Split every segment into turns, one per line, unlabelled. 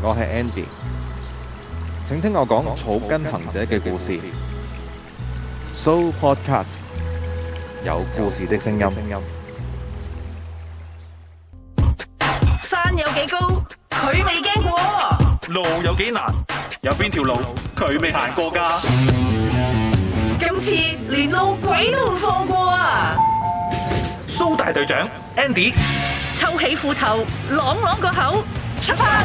我係 Andy，請聽我講草根行者嘅故事。Soul Podcast 有故事的聲音。山
有幾高，佢未驚過；
路有幾難，有邊條路佢未行過㗎？
今次連路鬼都唔放過啊！
蘇大隊長 Andy，
抽起褲頭，朗朗個口，出發！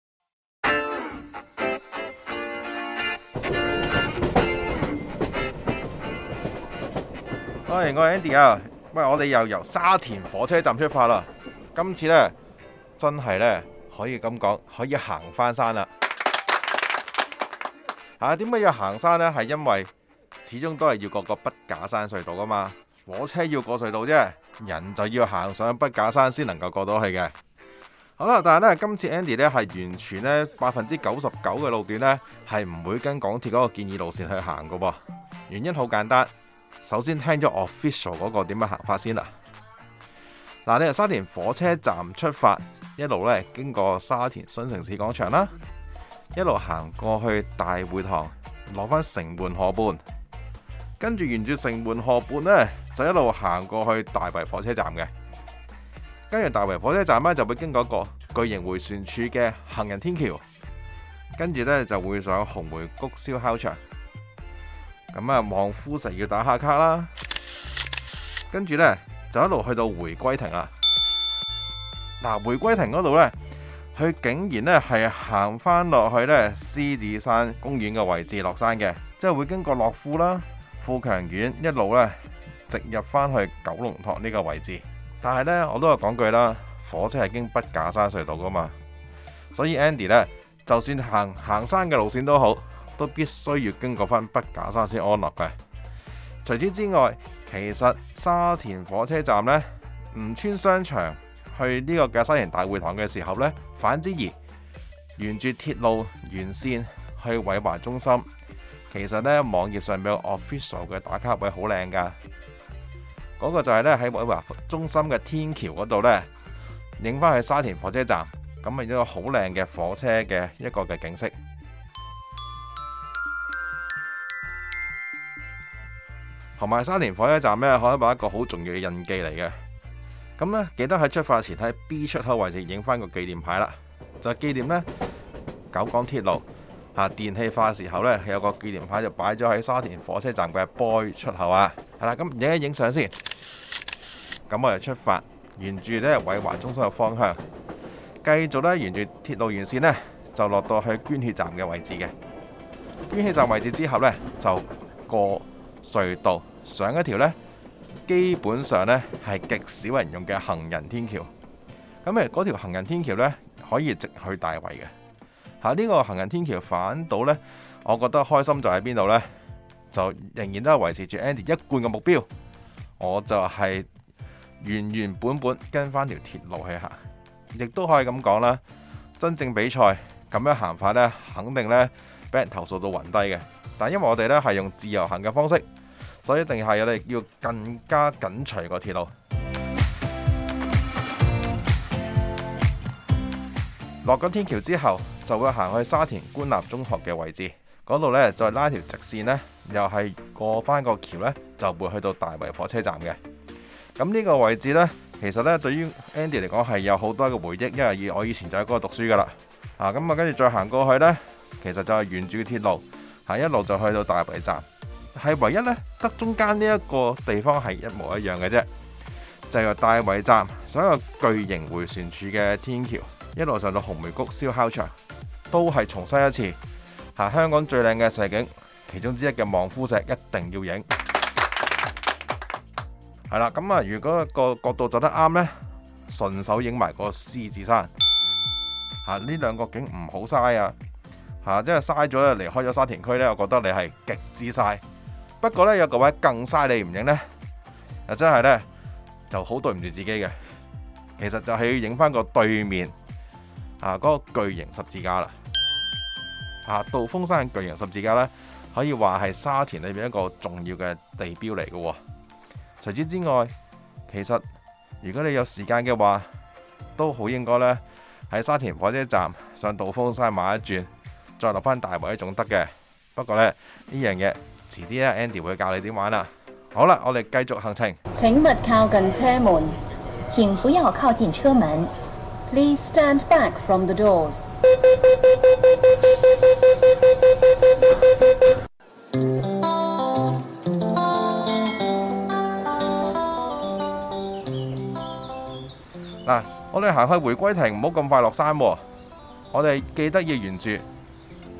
喂，我係 Andy 啊！喂，我哋又由沙田火車站出發啦。今次呢，真係呢，可以咁講，可以行翻山啦。啊，點解要行山呢？係因為始終都係要過個筆架山隧道噶嘛。火車要過隧道啫，人就要行上筆架山先能夠過到去嘅。好啦，但係呢，今次 Andy 呢係完全呢，百分之九十九嘅路段呢係唔會跟港鐵嗰個建議路線去行噶，原因好簡單。首先聽咗 official 嗰個點樣行法先啦。嗱，你由沙田火車站出發，一路咧經過沙田新城市廣場啦，一路行過去大會堂，攞返城門河畔，跟住沿住城門河畔呢，就一路行過去大圍火車站嘅。跟住大圍火車站呢，就會經過一個巨型回旋處嘅行人天橋，跟住呢，就會上紅梅谷燒烤場。咁啊，望夫石要打下卡啦，跟住呢，就一路去到回歸亭啦。嗱，回歸亭嗰度呢，佢竟然呢係行翻落去呢獅子山公園嘅位置落山嘅，即係會經過樂富啦、富強苑一路呢，直入返去九龍塘呢個位置。但係呢，我都係講句啦，火車係經筆架山隧道噶嘛，所以 Andy 呢，就算行行山嘅路線都好。都必須要經過翻筆架山先安樂嘅。除此之外，其實沙田火車站呢，唔穿商場去呢個嘅沙田大會堂嘅時候呢，反之而沿住鐵路沿線去偉華中心，其實呢，網頁上面有 official 嘅打卡位好靚噶。嗰個就係呢，喺偉華中心嘅天橋嗰度呢，影返去沙田火車站，咁啊一個好靚嘅火車嘅一個嘅景色。同埋沙田火車站呢，可以做一個好重要嘅印記嚟嘅。咁呢，記得喺出發前喺 B 出口位置影翻個紀念牌啦。就係紀念呢九廣鐵路嘅電氣化時候呢，有個紀念牌就擺咗喺沙田火車站嘅 boy 出口啊。係啦，咁影一影相先。咁我哋出發，沿住呢偉華中心嘅方向，繼續呢沿住鐵路沿線呢，就落到去捐血站嘅位置嘅。捐血站位置之後呢，就過隧道。上一條呢，基本上呢，係極少人用嘅行人天橋。咁誒，嗰條行人天橋呢，可以直去大圍嘅。嚇，呢個行人天橋反倒呢，我覺得開心就喺邊度呢？就仍然都係維持住 Andy 一貫嘅目標。我就係原原本本跟翻條鐵路去行，亦都可以咁講啦。真正比賽咁樣行法呢，肯定呢，俾人投訴到暈低嘅。但因為我哋呢，係用自由行嘅方式。所以，定係我哋要更加緊隨個鐵路。落咗天橋之後，就會行去沙田官立中學嘅位置。嗰度咧，再拉條直線咧，又係過翻個橋咧，就會去到大圍火車站嘅。咁呢個位置咧，其實咧對於 Andy 嚟講係有好多嘅回憶，因為我以前就喺嗰度讀書噶啦。啊，咁啊，跟住再行過去咧，其實就係沿住鐵路行一路，就去到大圍站。係唯一呢得中間呢一個地方係一模一樣嘅啫。就係大圍站所有巨型迴旋處嘅天橋，一路上到紅梅谷燒烤場，都係重新一次。嚇，香港最靚嘅石景，其中之一嘅望夫石一定要影。係啦，咁啊，如果個角度走得啱呢，順手影埋個獅子山。嚇，呢兩個景唔好嘥啊！嚇，因為嘥咗咧，離開咗沙田區呢，我覺得你係極之嘥。不過咧，有個位更嘥力唔影呢，啊真係呢，就好對唔住自己嘅。其實就係要影翻個對面啊，嗰個巨型十字架啦。啊，道風山巨型十字架呢，可以話係沙田裏面一個重要嘅地標嚟嘅喎。除此之外，其實如果你有時間嘅話，都好應該呢，喺沙田火車站上道風山買一轉，再落返大圍一仲得嘅。不過呢，呢樣嘢。遲啲啊，Andy 會教你點玩啦。好啦，我哋繼續行程。
請勿靠近車門，請不要靠近車門。Please stand back from the doors。
嗱，我哋行去回歸亭，唔好咁快落山。我哋記得要沿住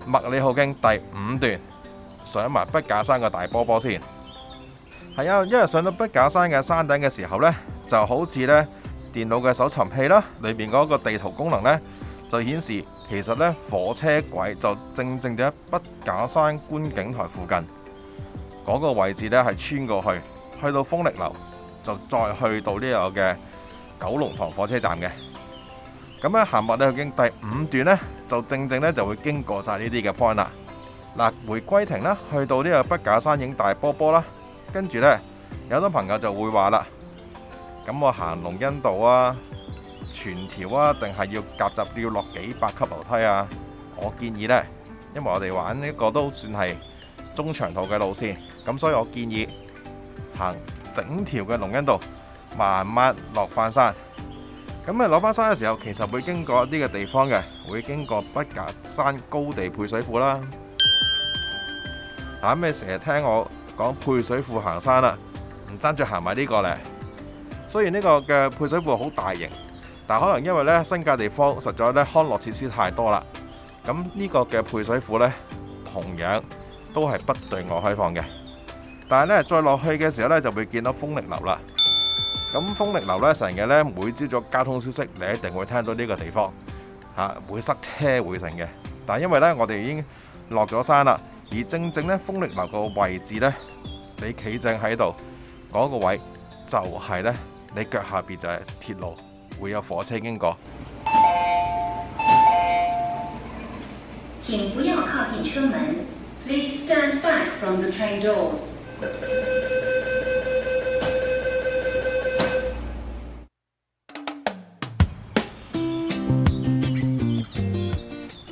麥理浩徑第五段。上埋筆架山嘅大波波先，係啊，因為上到筆架山嘅山頂嘅時候呢，就好似呢電腦嘅搜尋器啦，裏面嗰個地圖功能呢，就顯示，其實呢火車軌就正正地喺筆架山觀景台附近嗰個位置呢係穿過去，去到風力樓，就再去到呢個嘅九龍塘火車站嘅。咁樣行物咧，已經第五段呢，就正正呢就會經過晒呢啲嘅 point 啦。嗱，迴歸亭啦，去到呢個北假山影大波波啦，跟住呢，有好多朋友就會話啦，咁我行龍恩道啊，全條啊，定係要夾雜要落幾百級樓梯啊？我建議呢，因為我哋玩呢一個都算係中長途嘅路線，咁所以我建議行整條嘅龍恩道，慢慢落番山。咁啊，落番山嘅時候，其實會經過一啲嘅地方，會經過北假山高地配水庫啦。嚇咩成日聽我講配水庫行山啦，啊？唔爭住行埋呢個呢。雖然呢個嘅配水庫好大型，但可能因為呢新界地方實在呢康樂設施太多啦。咁呢個嘅配水庫呢，同樣都係不對外開放嘅。但係呢，再落去嘅時候呢，就會見到風力樓啦。咁風力樓呢，成日呢，每朝早交通消息你一定會聽到呢個地方嚇、啊、會塞車會成嘅。但因為呢，我哋已經落咗山啦。而正正咧，風力流個位置呢，你企正喺度嗰個位，就係呢你腳下邊就係鐵路，會有火車經過。請
不要靠近車門。Please stand back from the train doors。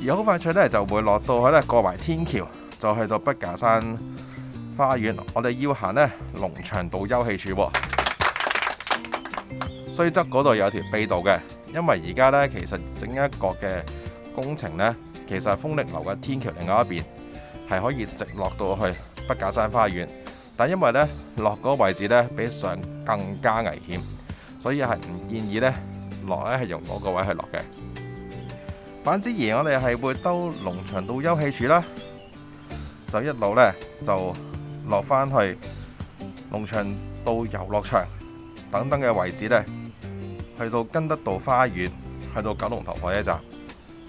而好快脆咧，就會落到去咧，過埋天橋。就去到北架山花園，我哋要行呢龍翔道休憩處喎。雖則嗰度有條秘道嘅，因為而家呢，其實整一個嘅工程呢，其實風力樓嘅天橋另外一邊係可以直落到去北架山花園，但因為呢落嗰個位置呢，比上更加危險，所以係唔建議呢落呢係用嗰個位置去落嘅。反之而我哋係會兜龍翔道休憩處啦。就一路呢，就落返去農場到遊樂場等等嘅位置呢，去到根德道花園，去到九龍塘海一站。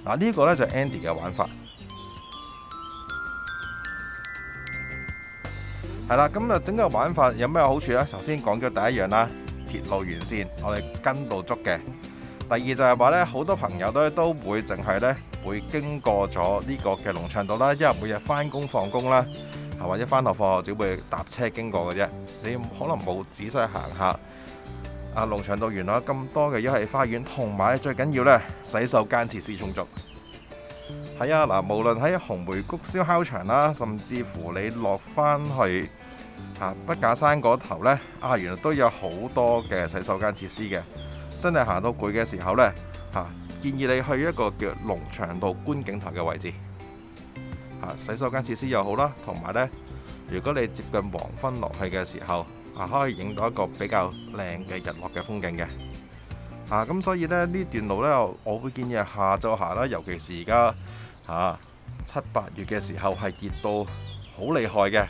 嗱、啊，呢、這個呢，就是、Andy 嘅玩法。係啦、嗯，咁啊，整個玩法有咩好處呢？頭先講咗第一樣啦，鐵路完善，我哋跟到足嘅。第二就係話呢，好多朋友都都會淨係呢。會經過咗呢個嘅龍翔道啦，因為每日返工放工啦，或者返學放學只會搭車經過嘅啫。你可能冇仔細行下啊，龍翔道原來咁多嘅一係花園，同埋最緊要呢洗手間設施充足。係啊，嗱，無論喺紅梅谷燒烤場啦，甚至乎你落返去嚇筆、啊、架山嗰頭咧，啊，原來都有好多嘅洗手間設施嘅。真係行到攰嘅時候呢。嚇、啊。建議你去一個叫農場道觀景台嘅位置，嚇洗手間設施又好啦，同埋呢，如果你接近黃昏落去嘅時候，嚇可以影到一個比較靚嘅日落嘅風景嘅嚇。咁所以呢呢段路呢，我會建議下晝行啦，尤其是而家嚇七八月嘅時候係熱到好厲害嘅，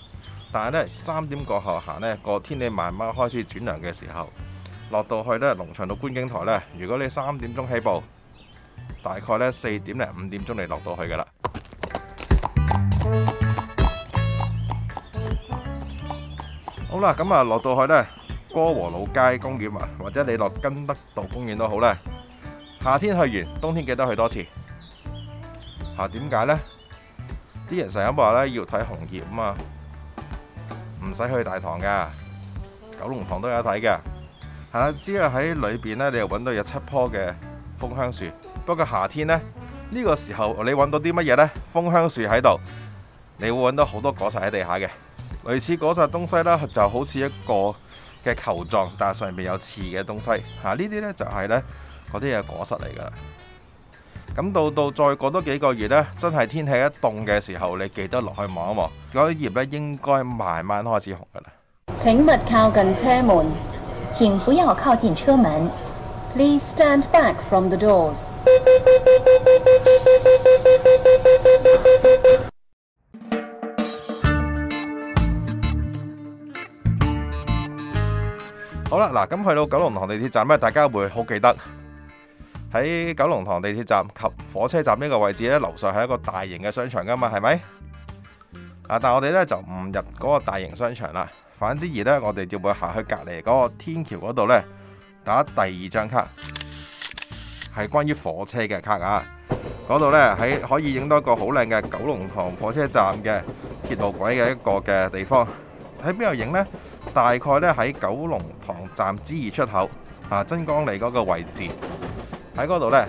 但係呢三點過後行呢個天氣慢慢開始轉涼嘅時候，落到去呢農場道觀景台呢，如果你三點鐘起步。大概咧四點零五點鐘你落到去噶啦，好啦，咁啊落到去呢，歌和老街公園啊，或者你落根德道公園都好啦。夏天去完，冬天記得去多次。吓，點解呢？啲人成日咁話咧，要睇紅葉啊嘛，唔使去大棠噶，九龍塘都有得睇噶。吓，只要喺裏邊呢，你又搵到有七棵嘅。楓香樹，不過夏天呢，呢、呢個時候你揾到啲乜嘢呢？楓香樹喺度，你會揾到好多果實喺地下嘅，類似果實東西啦，就好似一個嘅球狀，但係上面有刺嘅東西。吓、啊，呢啲呢，就係、是、呢嗰啲嘢果實嚟噶啦。咁到到再過多幾個月呢，真係天氣一凍嘅時候，你記得落去望一望，嗰啲葉呢，應該慢慢開始紅噶啦。
請勿靠近車門，請不要靠近車門。Please stand back from the doors.
好啦，嗱，咁去到九龍塘地鐵站咧，大家會好記得喺九龍塘地鐵站及火車站呢個位置咧，樓上係一個大型嘅商場噶嘛，係咪？啊，但我哋咧就唔入嗰個大型商場啦，反之而咧，我哋就會行去隔籬嗰個天橋嗰度咧。打第二張卡，係關於火車嘅卡啊！嗰度呢，喺可以影到一個好靚嘅九龍塘火車站嘅鐵路軌嘅一個嘅地方，喺邊度影呢？大概呢，喺九龍塘站之二出口啊，真光里嗰個位置喺嗰度呢，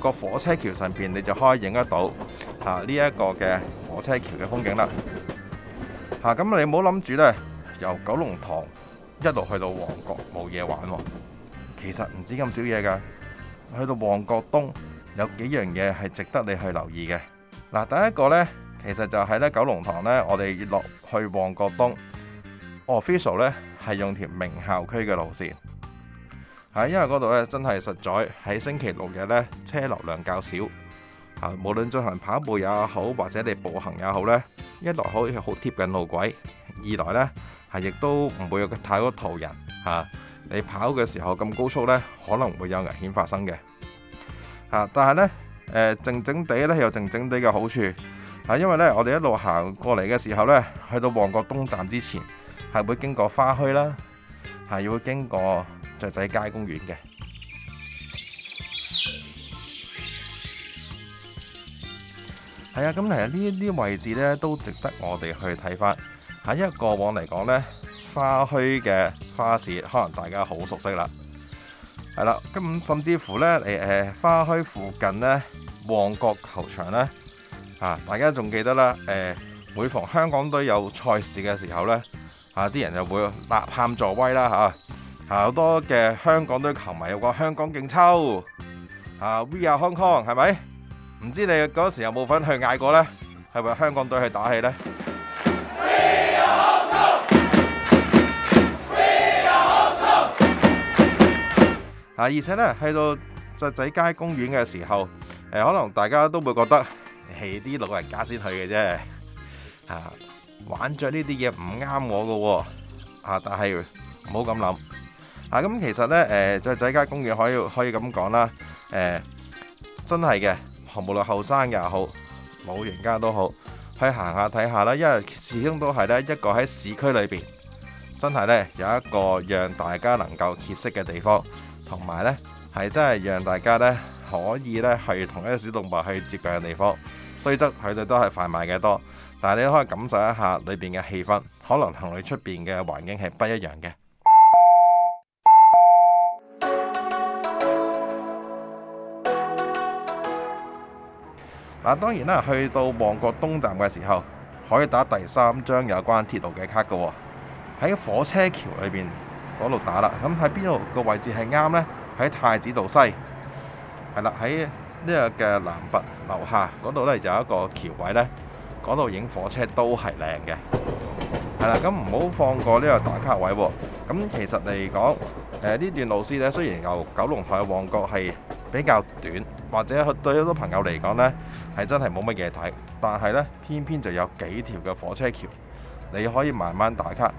個火車橋上邊你就可以影得到啊，呢一個嘅火車橋嘅風景啦！吓，咁你唔好諗住呢，由九龍塘。一路去到旺角冇嘢玩喎，哦，其實唔止咁少嘢㗎。去到旺角東有幾樣嘢係值得你去留意嘅。嗱，第一個呢，其實就係呢九龍塘呢，我哋落去旺角東，official 呢係用條名校區嘅路線，係因為嗰度呢，真係實在喺星期六日呢，車流量較少，嚇無論進行跑步也好，或者你步行也好呢，一來可以好貼近路軌，二來呢。亦都唔會有太多途人嚇，你跑嘅時候咁高速咧，可能會有危險發生嘅嚇。但係咧，誒靜靜地咧，有靜靜地嘅好處嚇，因為咧，我哋一路行過嚟嘅時候咧，去到旺角東站之前，係會經過花墟啦，係會經過雀仔街公園嘅。係啊、嗯，咁其實呢啲位置呢都值得我哋去睇翻。喺以往嚟講呢，花墟嘅花市可能大家好熟悉啦，係啦，咁甚至乎呢，你誒花墟附近呢，旺角球場呢，啊，大家仲記得啦，誒，每逢香港隊有賽事嘅時候呢，啊，啲人就會吶喊助威啦，嚇，好多嘅香港隊球迷有個香港勁抽，啊，We are Hong Kong，係咪？唔知你嗰時有冇份去嗌過呢？係咪香港隊去打氣呢？啊！而且咧，去到雀仔街公園嘅時候，誒、呃、可能大家都會覺得係啲老人家先去嘅啫。嚇，玩着呢啲嘢唔啱我嘅喎、啊啊。但係唔好咁諗。嚇、啊，咁其實咧，誒雀仔街公園可以可以咁講啦。誒、呃，真係嘅，無論後生又好，老人家都好，去行下睇下啦。因為始終都係咧一個喺市區裏邊，真係咧有一個讓大家能夠歇息嘅地方。同埋呢係真係讓大家呢可以呢去同一啲小動物去接近嘅地方，雖則佢哋都係販賣嘅多，但係你都可以感受一下裏邊嘅氣氛，可能同你出邊嘅環境係不一樣嘅。嗱，當然啦，去到旺角東站嘅時候，可以打第三張有關鐵路嘅卡㗎，喺火車橋裏邊。嗰度打啦，咁喺邊度個位置係啱呢？喺太子道西，係啦，喺呢個嘅南鵬樓下嗰度呢，就有一個橋位呢，嗰度影火車都係靚嘅，係啦，咁唔好放過呢個打卡位喎。咁其實嚟講，誒呢段路線呢，雖然由九龍台嘅旺角係比較短，或者對好多朋友嚟講呢，係真係冇乜嘢睇，但係呢，偏偏就有幾條嘅火車橋，你可以慢慢打卡。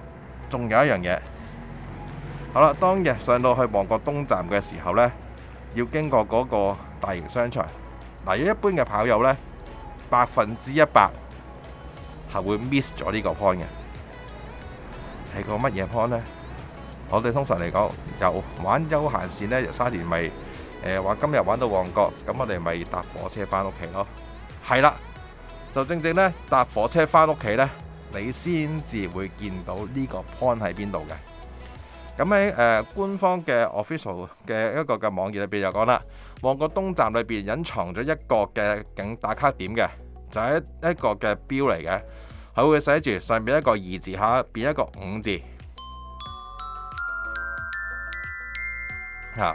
仲有一樣嘢。好啦，當日上到去旺角東站嘅時候呢，要經過嗰個大型商場。嗱，一般嘅跑友呢，百分之一百係會 miss 咗呢個 point 嘅。係個乜嘢 point 呢？我哋通常嚟講，有玩休閒線呢，三年咪話今日玩到旺角，咁我哋咪搭火車返屋企咯。係啦，就正正呢，搭火車返屋企呢，你先至會見到呢個 point 喺邊度嘅。咁喺誒官方嘅 official 嘅一個嘅網頁裏邊就講啦，旺角東站裏邊隱藏咗一個嘅景打卡點嘅，就係一一個嘅標嚟嘅，佢會寫住上面一個二字，下邊一個五字嚇，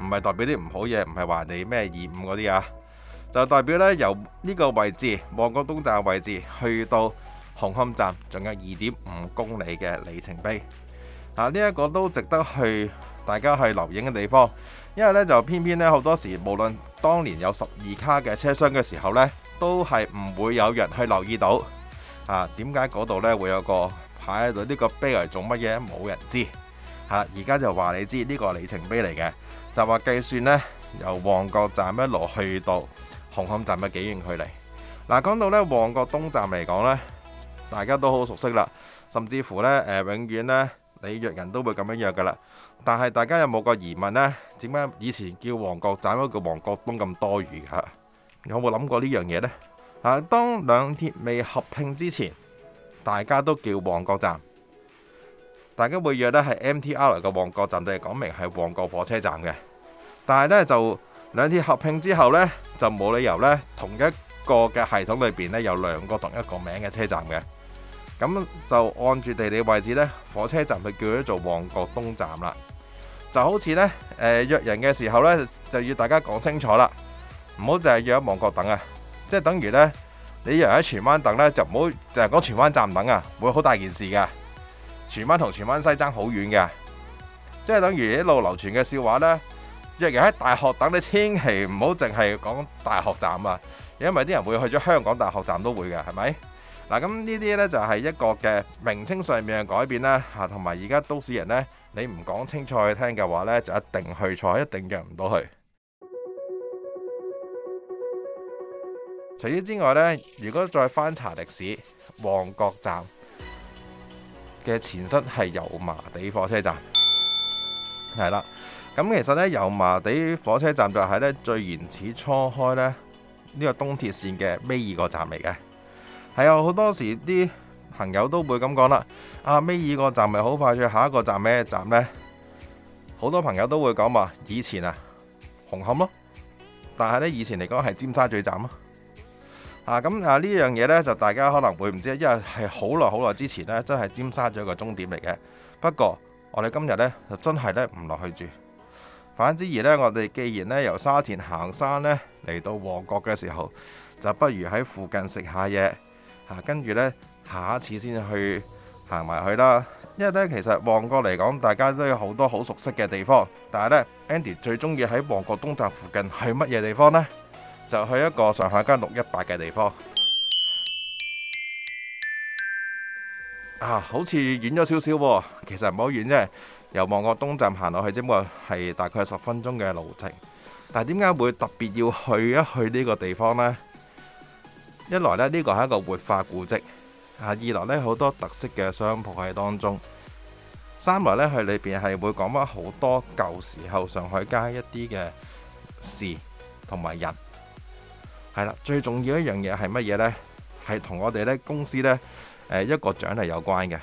唔係代表啲唔好嘢，唔係話你咩二五嗰啲啊，就代表呢由呢個位置旺角東站嘅位置去到紅磡站，仲有二點五公里嘅里程碑。啊！呢一個都值得去，大家去留影嘅地方，因為呢就偏偏呢好多時，無論當年有十二卡嘅車廂嘅時候呢，都係唔會有人去留意到。啊，點解嗰度呢會有個牌喺度？呢個碑嚟做乜嘢？冇人知。嚇、啊！而家就話你知，呢個里程碑嚟嘅，就話計算呢由旺角站一路去到紅磡站嘅幾遠距離。嗱、啊，講到呢旺角東站嚟講呢，大家都好熟悉啦，甚至乎呢誒、呃、永遠呢。你約人都會咁樣約㗎喇，但係大家有冇個疑問呢？點解以前叫旺角站，冇叫旺角東咁多餘嘅？嚇，你有冇諗過呢樣嘢呢？嗱，當兩鐵未合併之前，大家都叫旺角站，大家會約呢係 MTR 嚟嘅旺角站，定係講明係旺角火車站嘅。但係呢就兩鐵合併之後呢，就冇理由呢同一個嘅系統裏邊呢有兩個同一個名嘅車站嘅。咁就按住地理位置呢，火車站咪叫咗做旺角東站啦。就好似呢，誒約人嘅時候呢，就要大家講清楚啦，唔好淨係約喺旺角等啊，即係等於呢，你約喺荃灣等呢，就唔好淨係講荃灣站等啊，會好大件事㗎。荃灣同荃灣西爭好遠嘅，即係等於一路流傳嘅笑話呢，約人喺大學等，你千祈唔好淨係講大學站啊，因為啲人會去咗香港大學站都會嘅，係咪？嗱，咁呢啲呢就係一個嘅名稱上面嘅改變啦，吓，同埋而家都市人呢，你唔講清楚去聽嘅話呢，就一定去錯，一定入唔到去。除此之外呢，如果再翻查歷史，旺角站嘅前身係油麻地火車站，係啦。咁其實呢，油麻地火車站就係呢最原始初開呢，呢個東鐵線嘅尾二個站嚟嘅。係啊，好多時啲朋友都會咁講啦。啊，尾二個站咪好快，再下一個站咩站呢？好多朋友都會講話，以前啊，紅磡咯。但係呢，以前嚟講係尖沙咀站咯。啊，咁啊呢樣嘢呢，就大家可能會唔知，因為係好耐好耐之前呢，真係尖沙咀個終點嚟嘅。不過我哋今日呢，就真係呢，唔落去住，反之而呢，我哋既然呢，由沙田行山呢，嚟到旺角嘅時候，就不如喺附近食下嘢。啊、跟住呢，下一次先去行埋去啦。因為呢，其實旺角嚟講，大家都有好多好熟悉嘅地方。但係呢 Andy 最中意喺旺角東站附近去乜嘢地方呢？就去一個上海街六一八嘅地方。 啊，好似遠咗少少喎，其實唔好遠啫。由旺角東站行落去，只不過係大概十分鐘嘅路程。但係點解會特別要去一去呢個地方呢？一來呢，呢個係一個活化古跡啊；二來呢，好多特色嘅商鋪喺當中；三來呢，佢裏邊係會講返好多舊時候上海街一啲嘅事同埋人係啦。最重要一樣嘢係乜嘢呢？係同我哋呢公司呢誒一個獎勵有關嘅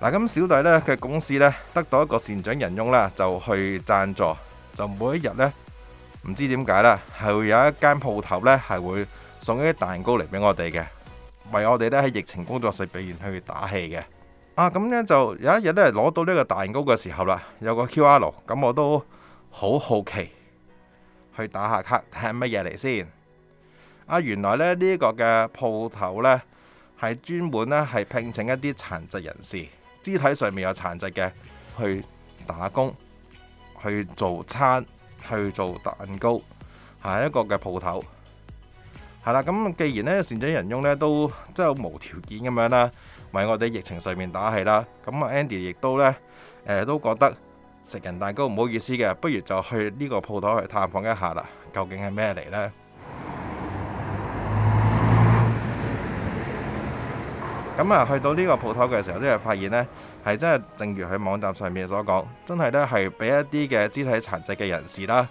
嗱。咁小弟呢嘅公司呢得到一個善長仁翁啦，就去贊助，就每一日呢唔知點解啦，係會有一間鋪頭呢係會。送一啲蛋糕嚟俾我哋嘅。為我哋咧喺疫情工作室裏面去打氣嘅。啊，咁樣就有一日咧攞到呢個蛋糕嘅時候啦，有個 Q R 咁，我都好好奇去打下卡聽乜嘢嚟先。啊，原來咧呢、呢個嘅鋪頭呢，係專門咧係聘請一啲殘疾人士，肢體上面有殘疾嘅去打工，去做餐，去做蛋糕，係、啊、一個嘅鋪頭。係啦，咁既然呢善長人翁呢都真係無條件咁樣啦，為我哋疫情上面打氣啦，咁阿 Andy 亦都呢，都覺得食人蛋糕唔好意思嘅，不如就去呢個鋪頭去探訪一下啦，究竟係咩嚟呢？咁啊， 去到呢個鋪頭嘅時候，呢就發現呢係真係正如喺網站上面所講，真係呢係俾一啲嘅肢體殘疾嘅人士啦。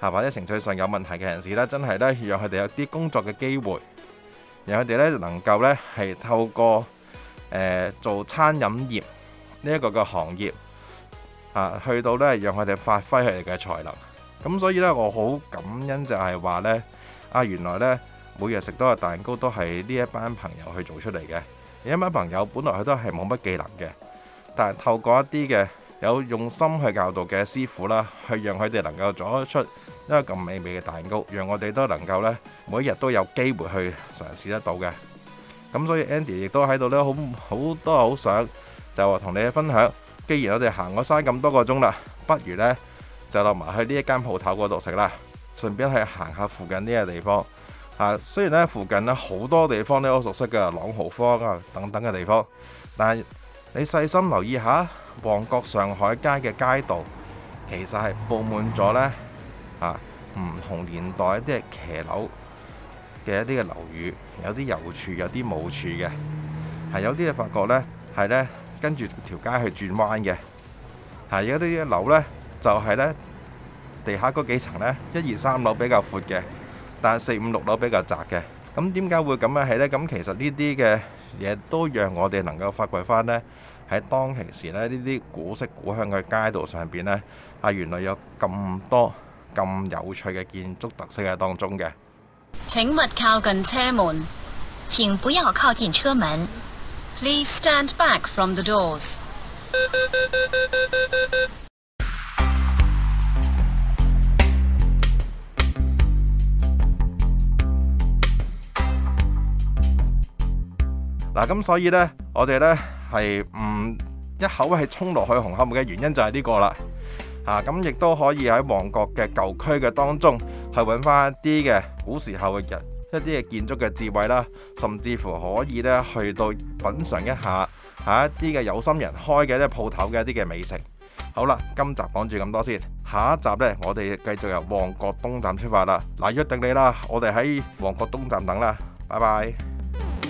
嚇，或者情緒上有問題嘅人士呢，真係呢，讓佢哋有啲工作嘅機會，讓佢哋呢，能夠呢，係透過、呃、做餐飲業呢一個嘅行業嚇、啊、去到呢，讓佢哋發揮佢哋嘅才能。咁所以呢，我好感恩就係話呢，啊，原來呢，每日食多個蛋糕都係呢一班朋友去做出嚟嘅，呢一班朋友本來佢都係冇乜技能嘅，但係透過一啲嘅。有用心去教導嘅師傅啦，去讓佢哋能夠做出一個咁美味嘅蛋糕，讓我哋都能夠呢每一日都有機會去嘗試得到嘅。咁所以 Andy 亦都喺度呢，好好多好想就話同你分享。既然我哋行咗山咁多個鐘啦，不如呢就落埋去呢一間鋪頭嗰度食啦，順便去行下附近呢個地方。啊，雖然呢附近呢好多地方呢好熟悉嘅朗豪坊啊等等嘅地方，但係你細心留意下。旺角上海街嘅街道，其實係佈滿咗呢啊唔同年代一啲騎樓嘅一啲嘅樓宇，有啲有柱，有啲冇柱嘅，係有啲你發覺呢，係呢跟住條街去轉彎嘅，係有啲嘅樓呢就係呢地下嗰幾層呢一、二、三樓比較闊嘅，但係四、五、六樓比較窄嘅。咁點解會咁樣係呢？咁其實呢啲嘅嘢都讓我哋能夠發掘返呢。喺當其時咧，呢啲古色古香嘅街道上邊咧，啊，原來有咁多咁有趣嘅建築特色喺當中嘅。
請勿靠近車門。請不要靠近車門。Please stand back from the doors。
嗱，咁所以呢，我哋呢。係唔一口氣衝落去紅磡嘅原因就係呢個啦，啊咁亦都可以喺旺角嘅舊區嘅當中，去揾翻啲嘅古時候嘅人一啲嘅建築嘅智慧啦，甚至乎可以呢去到品嚐一下下一啲嘅有心人開嘅一啲鋪頭嘅一啲嘅美食。好啦，今集講住咁多先，下一集呢，我哋繼續由旺角東站出發啦。嗱，約定你啦，我哋喺旺角東站等啦，拜拜。